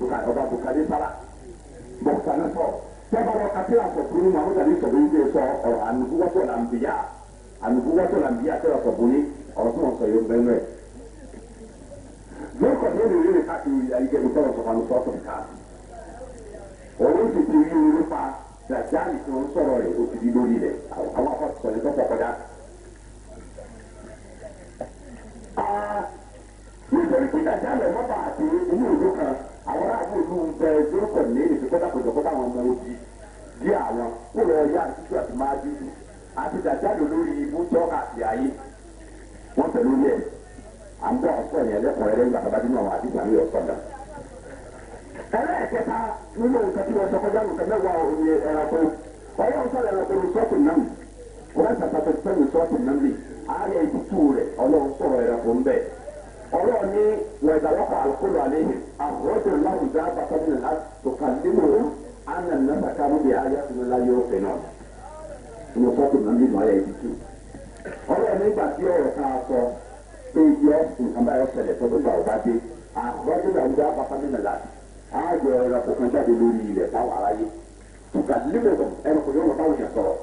ọba bukari sara bọkutani sọ tẹbọrọ kati la sọ kuru ma mọtali sọbi yi de sọ ọ̀rọ̀ anugu wọtọ la nbiya anugu wọtọ la nbiya tẹ la sọ boni ọ̀rọ̀ tẹ la sọ yẹ bẹn bẹ lórí kọtọ de yiri ka ti wuli ayi kẹbi tọlọ sọfọ anusọ sọfọ ká olu ti di lórí dẹ. táwọn olórí ibú tọ́ àti ayé wọ́n pẹ̀lú ilé ẹ̀ à ń bọ̀ ọ̀sọ̀ yẹn lẹ́kọ̀ọ́ ẹ̀rẹ́ ìgbà tábàdí náà àti ìgbà yóò sọ̀ dà. ẹlẹ́ẹ̀kẹta nínú nǹkan tí wọ́n sọ kọjá nǹkan mẹ́wàá òye ẹranko ọlọ́run sọ̀rọ̀ ẹranko ní sọ́ọ̀tì náà wọ́n ṣàtàkọ́ sẹ́yìn sọ́ọ̀tì náà lè àárẹ̀ ìtútù rẹ̀ ọlọ́run sọ̀rọ̀ ẹranko ń bẹ̀. ọlọ́run ní wẹ̀dàlọ́kọ̀ àlùkòlù àlẹ́yìn àbúrọ́dùn láwùjọ àbàtà nínú láti tòkàlímù ànà ìwọ fọ́ọ̀kì náà nínú ayé ti tù. ọlọ́run nígbà tí ọ̀rọ̀ ká sọ pé yọ nǹkan báyọ̀ ṣẹlẹ̀ tó gbogbo àwọn bá dé àgbọ̀dé làwùjọ àpapọ̀ nínú ìlà àjọ ẹranko kan jáde lórí ilẹ̀ táwọn aráyé. tùkà lílo ẹranko yóò lọ báwọn yẹn sọ̀rọ̀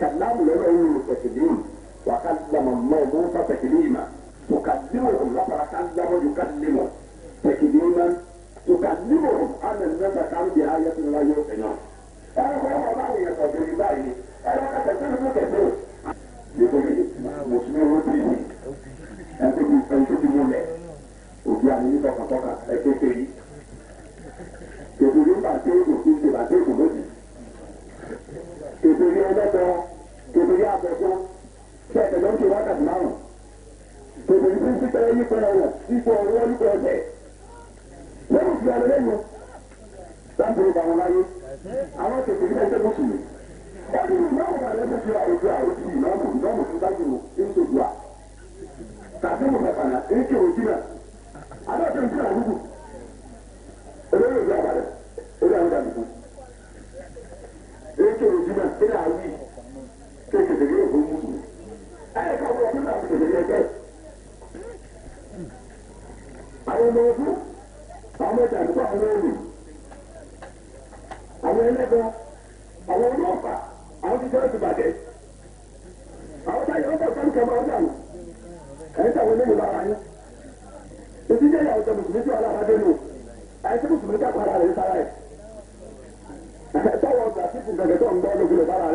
kàlámù lọ́rọ̀ yóò lò pẹ̀tẹ̀lẹ́yìn wà á ká lámà mọ́ ọ̀gbọ́n fà pẹ̀tẹ̀lẹ́yìn mà tùkà lílo lápára ká lámọ́ yóò ká lílo pẹ̀tẹ̀lẹ́yìn mà tùkà lílo ànàmẹ́ta ká ọ̀rọ̀ nípa ọ̀rọ̀ nípa ọ̀rọ̀ nípa ọ̀tẹ̀. lẹ́yìn tí ọ̀rọ̀ lẹ́nu láti rí bàwọn láyé àwọn tètè ní ẹgbẹ́ bó sùn. ó ní ìlú náà wà lẹ́sẹ̀ tí àwùjọ àwùjọ ìnáwó ìnáwó tó dájú ní ìṣèjúà. tàbí mo fẹ́ fànà èké òjì náà. àwọn ẹlẹ́gbọ́n àwọn ọlọ́pàá àwọn ti sọ́ọ́ ti bàjẹ́ àwọn táyà ọ̀pọ̀ sọ́ọ́ ya ọ̀dà nù ẹ̀yìn táwọn eléyìí bá wà ní. ètí jẹ́ ìyàwó tó mùsùlùmí tí wà lára dé nù àìsí mùsùlùmí kápá ara rẹ̀ sára ẹ̀. táwọn ọ̀gá tí kùn kẹ̀kẹ́ tó ń gbọ́ lókun lè bára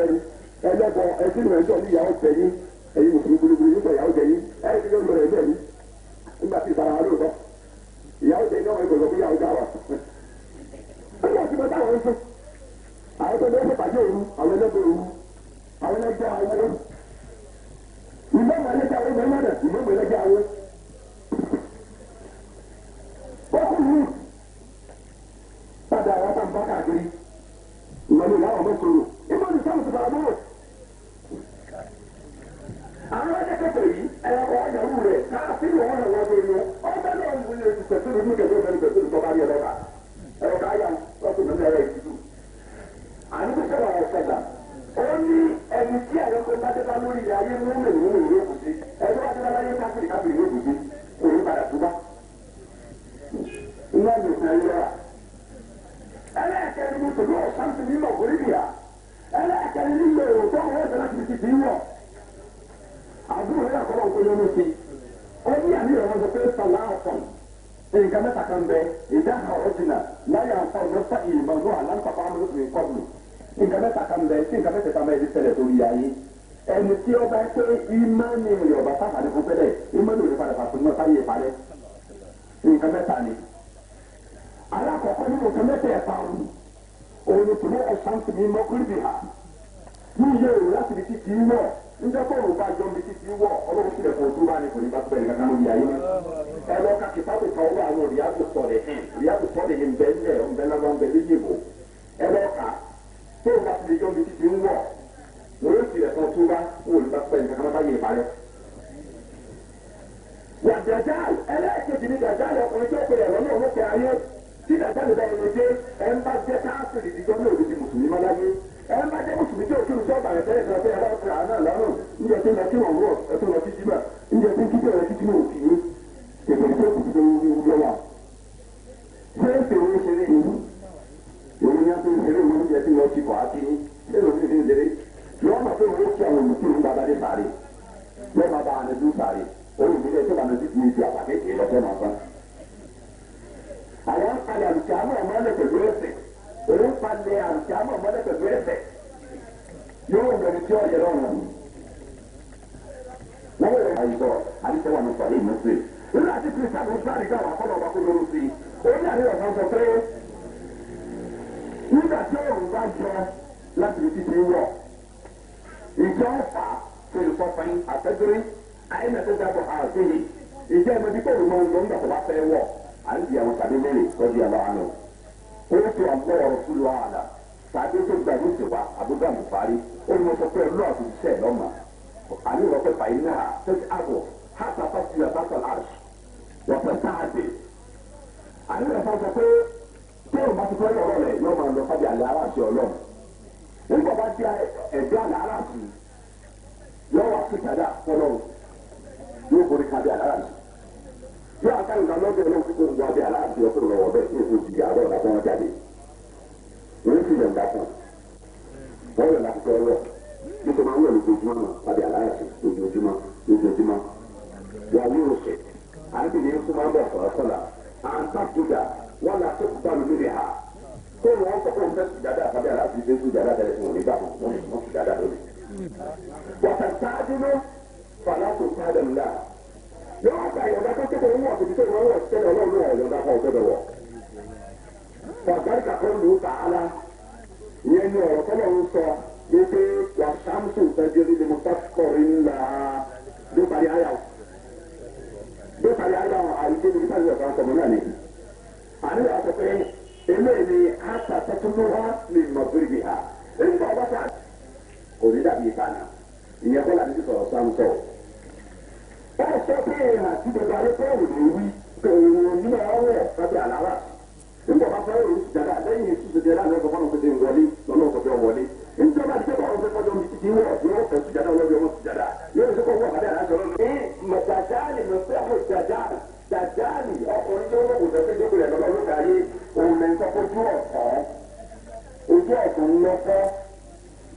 tẹ̀síbi mú kẹ̀kẹ́ ìfẹ́ tẹ̀síbi tọ́ bá rí ẹ lọ́ba. nǹkan mẹ́ta kan bẹ ìdá ha ọ̀jìnà láyà ń fa ìmọ̀fà ìmọ̀lú àlàǹfààfà amúlùkùnrin kọ́ọ̀mù nǹkan mẹ́ta kan bẹ tí nǹkan mẹ́ta kan bẹ ti ṣẹlẹ̀ lórí ayé ẹni tí ọba pé ìmánì rẹ̀ ọba sáfàdé fún pẹ́lẹ̀ ìmánì rẹ̀ padà fàfún náà sáyé parẹ́ nǹkan mẹ́ta ni. alákọ̀ọ́kọ́ nínú nǹkan mẹ́ta ẹ̀fà ọ̀hún òun tó ní ọ̀sán ti ní mọ́kúrìbì hà ní iye òun láti fi ti kì í wọ̀ níjẹ́ kó òun bá jọ mi ti kì í wọ̀ ọlọ́run tilẹ̀ kó o tó bá ní kò ní bá tó bẹ̀rẹ̀ kankan lórí ayé ẹ lọ́ọ́ káàkiri. ẹni tí ọ̀yẹ́ lọ́rùn wọ́n wọ̀ àyùsọ àdìsọ wà ní sọ̀rọ̀ ìlú sí i nínú àti kìrìsìtà ló sáré gbà wà fọlọ́ ọba kó lóru sí i ó ní àríyàn kan sọ pé nígbà tí òun bá jọ láti fi títí wọ̀ ìjọ ọ̀fà tó lè sọ fún àtẹ́gírí àyẹ̀mẹ̀tẹ́gbà bọ̀ àgbélé ìjọ ìmọ̀bí kò lè mọ tó bá fẹ́ wọ̀ àti àwọn tàbí mẹ́rin tọ́jú àlọ́ àná ó tó àgbọ̀ ọ̀rọ̀ fúlù àlà tàbí tó gba ìwúsì wa àbúgbà bùfárí ó ní mo sọ pé ọlọ́ àbùsẹ̀ lọ́mà àní ìrọ̀pẹ́ fàyín náà tẹ́tí àbọ̀ hàtà fásitì àbáṣọ làásù wọ́n fẹ́ sáàdì àní ìrọ̀pẹ́ sọ pé téèmù bá ti fẹ́ lọ́rọ̀ rẹ̀ yóò máa lọ fábí àlẹ́ aláàṣẹ ọlọ́run nígbà bá di ẹ̀dẹ́ àlẹ́ aláàṣẹ yóò wá sí ìtàdá fọlọ́run yóò borí kábí àlẹ́ aláàṣẹ yóò àkàrà ìdánilọ́gbẹ̀ẹ́ lọ́wọ́ Gracias. lɔkɔ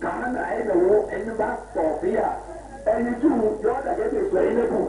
k'an na ayi na wo ɛniba tɔɔfi a ɛnitu yɔ dagɛ ti sɔ yi ne bu.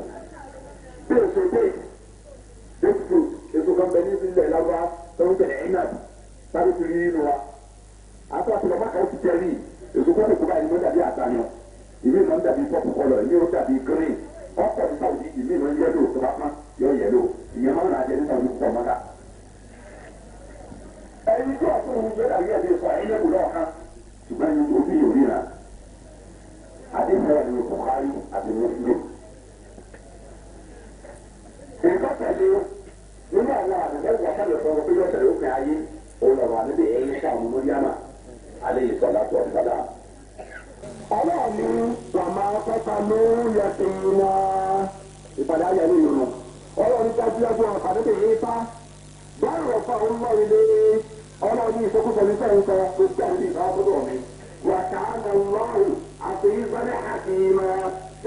alayhi salatu wa salam. ọlọ́ọ̀ni wàmà kọ́ta ló yẹ sí iná ìpàdé ayé ní ìlú ọlọ́ọ̀ni dájú ẹgbẹ́ ọ̀pàdé tó yé bá báyọ̀ ọ̀fà ọlọ́ ilé ọlọ́ọ̀ni ìfọkúsọ ní sẹ́yìnkọ tó jáde ìbáwọ́ mi wàtá àgbàlọ́ọ̀rù àti ìbálẹ̀ àti ìmọ̀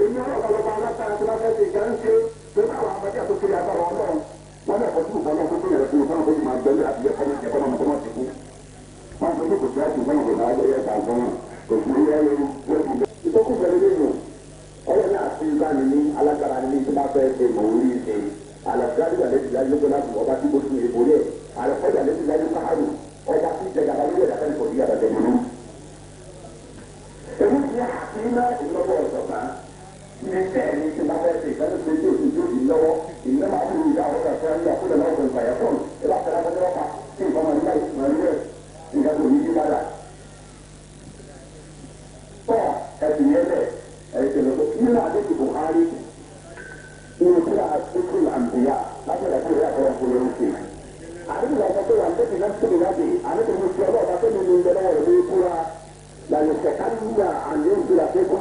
èmi ọlọ́ọ̀pọ̀lọpọ̀ aláta tó bá fẹ́ ti gà ń ṣe tó bá wà àbájá tó kiri àbáwọ̀ ọlọ́ọ̀ ní kò sí láti fún ọ̀gọ̀dà ayẹyẹ kàgbọ́n kò sí ilé ẹ̀rọ lóbi bẹ́ẹ̀. ìtọ́kùn fẹ́rẹ́ lẹ́nu ọ̀rọ̀ náà fi bá mi ní alágbára ní tí wọ́n fẹ́ ṣe mọ̀ orí ṣe alàgbàdìgbà lẹ́sì láyé gbọ́dọ̀ àbùkù ọba tí gbóṣù èbó rẹ̀ alàgbàdìgbà lẹ́sì láyé káàrù ọba tí jẹgàba lórí ẹ̀dá fẹ́ẹ́ kọ̀ọ̀dí àbàjẹ́ nínú. èmi ti yá àti iná ìlọ́wọ́ ọ̀sọ̀gbà ní bẹ́ẹ̀ ni tí wọ́n fẹ́ ṣe ìdánilẹ́sẹ̀ tí òsì tó yìí lọ́wọ́ ìnáwó àbúrò ìyá ọ̀gá fẹ́ẹ́ nǹkan kò ní yí padà. Tọ́ ẹ̀sìn yẹn bẹ̀ ẹ̀sìn lọ́kọ̀ nínú àdéhùn Buhari nínú tí a dúkú àǹbíyá láti ẹ̀dá kúrò àkọ́ ọ̀pọ̀lọ́ oṣù. Àdéhùn àwọn tó wà ní ẹ̀sìn náà tóbi láti àdéhùn oṣù ọlọ́ọ̀bá tó ní ní ìjọba rẹ̀ ní ìkúra lálẹ́ sẹ̀kánúgbà àlẹ́ òṣù àti ẹ̀kọ́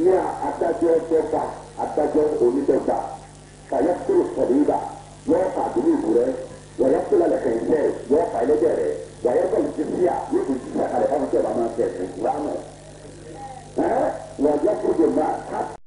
ya adájọ́ ọjọ́ bá adájọ́ onídọ́gba kàyà kúrò sọ̀rọ̀ yóò fà àdúrà ìbò rẹ wàyà kúrò àlẹ́kẹ̀ ìṣe yóò fà ẹlẹ́jẹ̀ rẹ wàyà kọ̀ ìṣe síyà yóò fi ìṣe àkàlẹ̀ fáwọn tí ọba máa ń tẹ̀ ẹ̀ ìsìlámù. wàyà kúrò máa